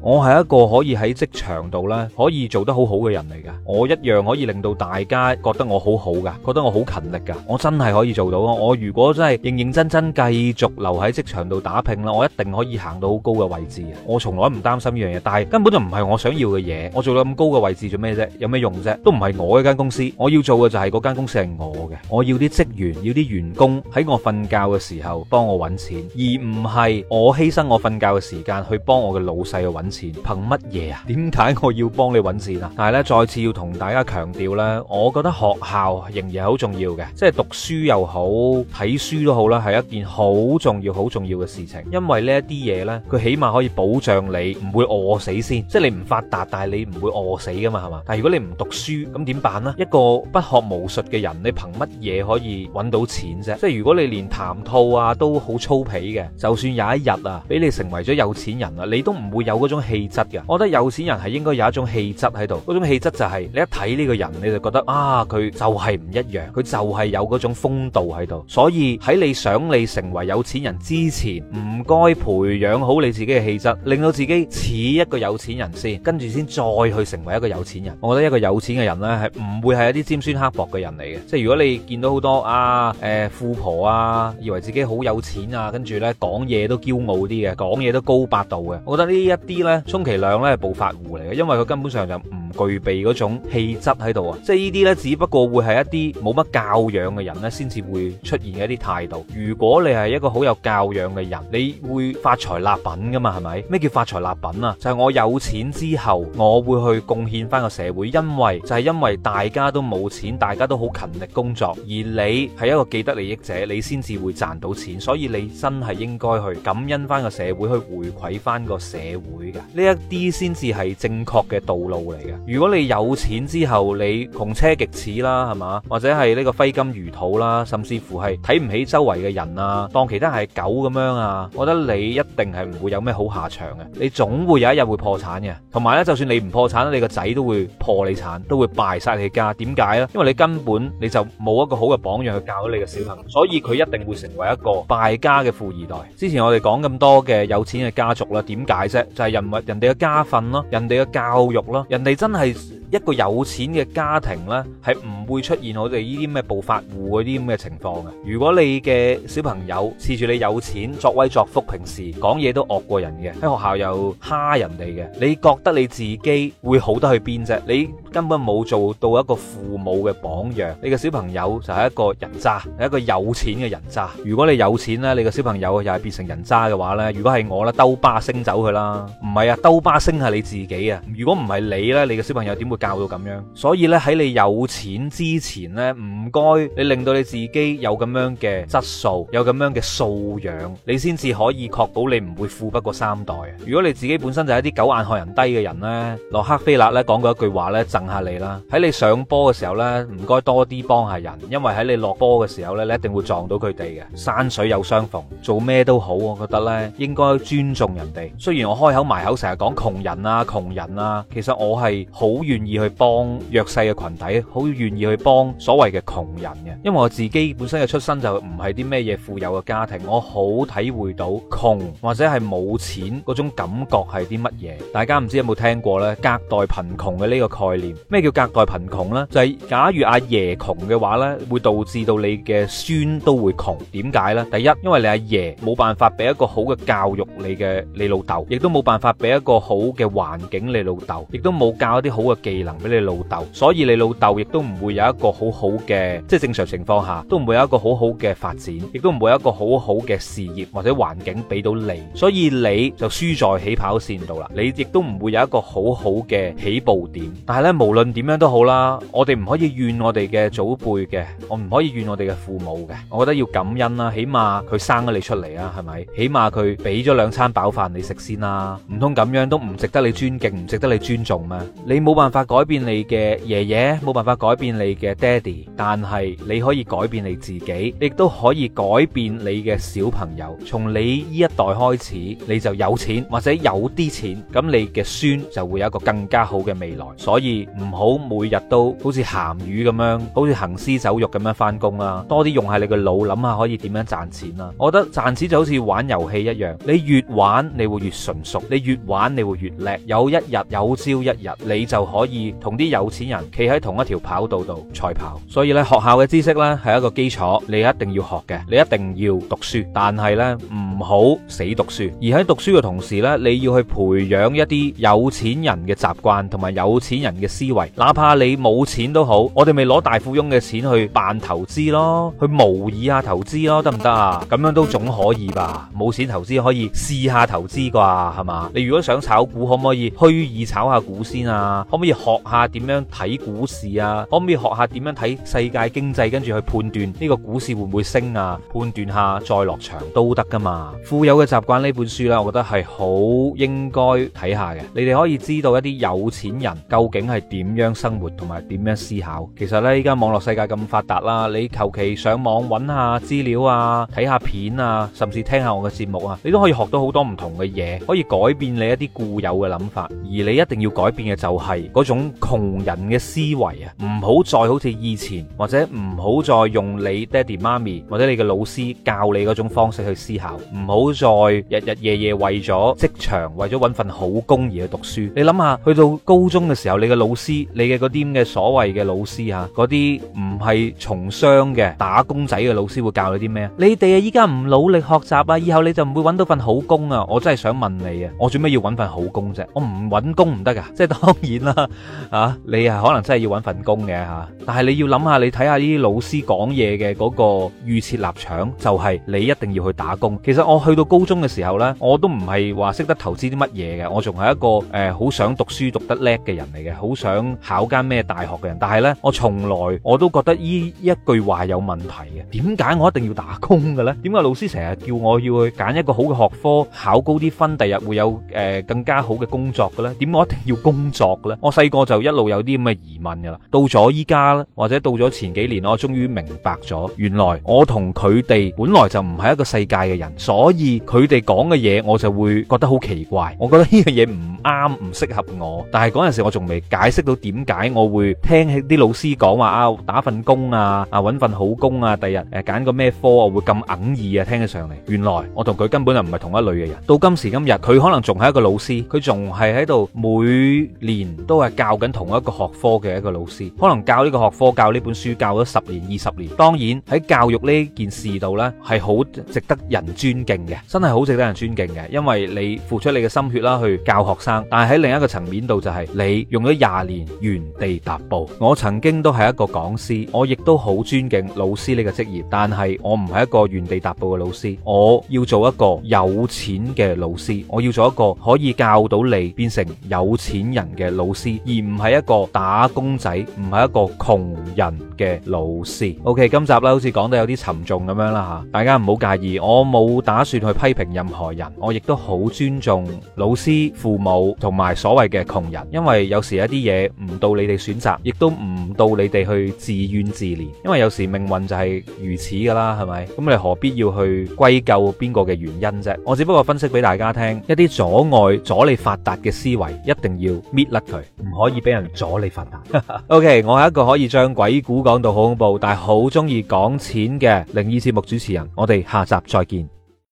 我係一個可以喺職場度咧，可以做得好好嘅人嚟噶。我一樣可以令到大家覺得我好好噶，覺得我好勤力噶。我真係可以做到咯。我如果真係認認真真繼續留喺職場度打拼啦，我一定可以行到好高嘅位置。我從來唔擔心呢樣嘢，但係根本就唔係我想要嘅嘢。我做到咁高嘅位置做咩啫？有咩用啫？都唔係我一間公司，我要做嘅就係嗰間公司係我嘅。我要啲職員，要啲員工喺我瞓覺嘅時候幫我揾錢，而唔係我犧牲我瞓覺嘅時間去幫我嘅老細去揾。憑乜嘢啊？點解我要幫你揾錢啊？但係咧，再次要同大家強調咧，我覺得學校仍然好重要嘅，即係讀書又好，睇書都好啦，係一件好重要、好重要嘅事情。因為呢一啲嘢呢，佢起碼可以保障你唔會餓死先，即係你唔發達，但係你唔會餓死噶嘛，係嘛？但係如果你唔讀書，咁點辦呢？一個不學無術嘅人，你憑乜嘢可以揾到錢啫？即係如果你連談吐啊都好粗鄙嘅，就算有一日啊，俾你成為咗有錢人啊，你都唔會有嗰種。氣質嘅，我覺得有錢人係應該有一種氣質喺度，嗰種氣質就係、是、你一睇呢個人你就覺得啊，佢就係唔一樣，佢就係有嗰種風度喺度。所以喺你想你成為有錢人之前，唔該培養好你自己嘅氣質，令到自己似一個有錢人先，跟住先再去成為一個有錢人。我覺得一個有錢嘅人呢，係唔會係一啲尖酸刻薄嘅人嚟嘅。即係如果你見到好多啊誒、呃、富婆啊，以為自己好有錢啊，跟住呢講嘢都驕傲啲嘅，講嘢都高八度嘅，我覺得一呢一啲。充其量咧係暴發戶嚟嘅，因為佢根本上就唔。具備嗰種氣質喺度啊，即係呢啲咧，只不過會係一啲冇乜教養嘅人咧，先至會出現嘅一啲態度。如果你係一個好有教養嘅人，你會發財立品噶嘛，係咪？咩叫發財立品啊？就係我有錢之後，我會去貢獻翻個社會，因為就係因為大家都冇錢，大家都好勤力工作，而你係一個既得利益者，你先至會賺到錢。所以你真係應該去感恩翻個社會，去回饋翻個社會嘅。呢一啲先至係正確嘅道路嚟嘅。如果你有錢之後，你窮奢極侈啦，係嘛？或者係呢個揮金如土啦，甚至乎係睇唔起周圍嘅人啊，當其他係狗咁樣啊，我覺得你一定係唔會有咩好下場嘅，你總會有一日會破產嘅。同埋咧，就算你唔破產，你個仔都會破你產，都會敗晒你家。點解呢？因為你根本你就冇一個好嘅榜樣去教你嘅小朋友，所以佢一定會成為一個敗家嘅富二代。之前我哋講咁多嘅有錢嘅家族啦，點解啫？就係、是、人物人哋嘅家訓咯，人哋嘅教育咯，人哋真。真係一個有錢嘅家庭呢，係唔會出現我哋呢啲咩暴發戶嗰啲咁嘅情況嘅。如果你嘅小朋友恃住你有錢作威作福，平時講嘢都惡過人嘅，喺學校又蝦人哋嘅，你覺得你自己會好得去邊啫？你根本冇做到一個父母嘅榜樣，你嘅小朋友就係一個人渣，係一個有錢嘅人渣。如果你有錢呢，你嘅小朋友又係變成人渣嘅話呢，如果係我啦，兜巴星走佢啦。唔係啊，兜巴星係你自己啊。如果唔係你呢。你。嘅小朋友點會教到咁樣？所以咧，喺你有錢之前咧，唔該你令到你自己有咁樣嘅質素，有咁樣嘅素養，你先至可以確保你唔會富不過三代。如果你自己本身就係一啲狗眼看人低嘅人呢，洛克菲勒咧講過一句話咧，贈下你啦。喺你上波嘅時候咧，唔該多啲幫下人，因為喺你落波嘅時候咧，你一定會撞到佢哋嘅。山水有相逢，做咩都好，我覺得咧應該尊重人哋。雖然我開口埋口成日講窮人啊，窮人啊，其實我係。好願意去幫弱勢嘅群體，好願意去幫所謂嘅窮人嘅。因為我自己本身嘅出身就唔係啲咩嘢富有嘅家庭，我好體會到窮或者係冇錢嗰種感覺係啲乜嘢。大家唔知有冇聽過呢，隔代貧窮嘅呢個概念，咩叫隔代貧窮呢？就係假如阿爺窮嘅話呢，會導致到你嘅孫都會窮。點解呢？第一，因為你阿爺冇辦法俾一個好嘅教育你嘅你老豆，亦都冇辦法俾一個好嘅環境你老豆，亦都冇教一啲好嘅技能俾你老豆，所以你老豆亦都唔會有一個好好嘅，即係正常情況下都唔會有一個好好嘅發展，亦都唔會有一個好好嘅事業或者環境俾到你，所以你就輸在起跑線度啦。你亦都唔會有一個好好嘅起步點。但係咧，無論點樣都好啦，我哋唔可以怨我哋嘅祖輩嘅，我唔可以怨我哋嘅父母嘅。我覺得要感恩啦，起碼佢生咗你出嚟啊，係咪？起碼佢俾咗兩餐飽飯你食先啦，唔通咁樣都唔值得你尊敬，唔值得你尊重咩？你冇辦法改變你嘅爺爺，冇辦法改變你嘅爹哋，但係你可以改變你自己，亦都可以改變你嘅小朋友。從你呢一代開始，你就有錢或者有啲錢，咁你嘅孫就會有一個更加好嘅未來。所以唔好每日都好似鹹魚咁樣，好似行屍走肉咁樣翻工啦。多啲用下你嘅腦，諗下可以點樣賺錢啦。我覺得賺錢就好似玩遊戲一樣，你越玩你會越純熟，你越玩你會越叻。有一日，有朝一日你。你就可以同啲有錢人企喺同一條跑道度賽跑，所以咧學校嘅知識咧，係一個基礎，你一定要學嘅，你一定要讀書。但係咧唔。唔好死讀書，而喺讀書嘅同時呢，你要去培養一啲有錢人嘅習慣同埋有錢人嘅思維。哪怕你冇錢都好，我哋咪攞大富翁嘅錢去扮投資咯，去模擬下投資咯，得唔得啊？咁樣都總可以吧？冇錢投資可以試下投資啩，係嘛？你如果想炒股，可唔可以虛擬炒下股先啊？可唔可以學下點樣睇股市啊？可唔可以學下點樣睇世界經濟，跟住去判斷呢個股市會唔會升啊？判斷下再落場都得㗎嘛？富有嘅習慣呢本書咧，我覺得係好應該睇下嘅。你哋可以知道一啲有錢人究竟係點樣生活，同埋點樣思考。其實呢依家網絡世界咁發達啦，你求其上網揾下資料啊，睇下片啊，甚至聽下我嘅節目啊，你都可以學到好多唔同嘅嘢，可以改變你一啲固有嘅諗法。而你一定要改變嘅就係嗰種窮人嘅思維啊，唔好再好似以前，或者唔好再用你爹哋媽咪或者你嘅老師教你嗰種方式去思考。唔好再日日夜夜為咗職場、為咗揾份好工而去讀書。你諗下，去到高中嘅時候，你嘅老師，你嘅嗰啲咁嘅所謂嘅老師吓，嗰啲唔係從商嘅打工仔嘅老師會教你啲咩？你哋啊，依家唔努力學習啊，以後你就唔會揾到份好工啊！我真係想問你啊，我做咩要揾份好工啫？我唔揾工唔得噶，即係當然啦，吓，啊，你係可能真係要揾份工嘅吓，啊，但係你要諗下，你睇下呢啲老師講嘢嘅嗰個預設立場，就係，係，你一定要去打工。其實。我去到高中嘅時候咧，我都唔係話識得投資啲乜嘢嘅，我仲係一個誒好想讀書讀得叻嘅人嚟嘅，好想考間咩大學嘅人。但係咧，我從來我都覺得依一句話係有問題嘅。點解我一定要打工嘅咧？點解老師成日叫我要去揀一個好嘅學科，考高啲分，第日會有誒更加好嘅工作嘅咧？點解我一定要工作咧？我細個就一路有啲咁嘅疑問㗎啦。到咗依家或者到咗前幾年，我終於明白咗，原來我同佢哋本來就唔係一個世界嘅人。所以佢哋講嘅嘢，我就會覺得好奇怪。我覺得呢樣嘢唔啱，唔適合我。但係嗰陣時我仲未解釋到點解我會聽啲老師講話啊，打份工啊，啊揾份好工啊。第日誒揀個咩科啊，我會咁哽耳啊，聽起上嚟。原來我同佢根本就唔係同一類嘅人。到今時今日，佢可能仲係一個老師，佢仲係喺度每年都係教緊同一個學科嘅一個老師，可能教呢個學科，教呢本書，教咗十年二十年。當然喺教育呢件事度咧，係好值得人尊。敬嘅，真係好值得人尊敬嘅，因為你付出你嘅心血啦去教學生，但係喺另一個層面度就係你用咗廿年原地踏步。我曾經都係一個講師，我亦都好尊敬老師呢個職業，但係我唔係一個原地踏步嘅老師，我要做一個有錢嘅老師，我要做一個可以教到你變成有錢人嘅老師，而唔係一個打工仔，唔係一個窮人嘅老師。OK，今集啦，好似講得有啲沉重咁樣啦吓，大家唔好介意，我冇。打算去批評任何人，我亦都好尊重老師、父母同埋所謂嘅窮人，因為有時一啲嘢唔到你哋選擇，亦都唔到你哋去自怨自憐，因為有時命運就係如此噶啦，係咪？咁你何必要去歸咎邊個嘅原因啫？我只不過分析俾大家聽一啲阻礙阻你發達嘅思維，一定要搣甩佢，唔可以俾人阻你發達。O.K.，我係一個可以將鬼故講到好恐怖，但係好中意講錢嘅靈異節目主持人。我哋下集再見。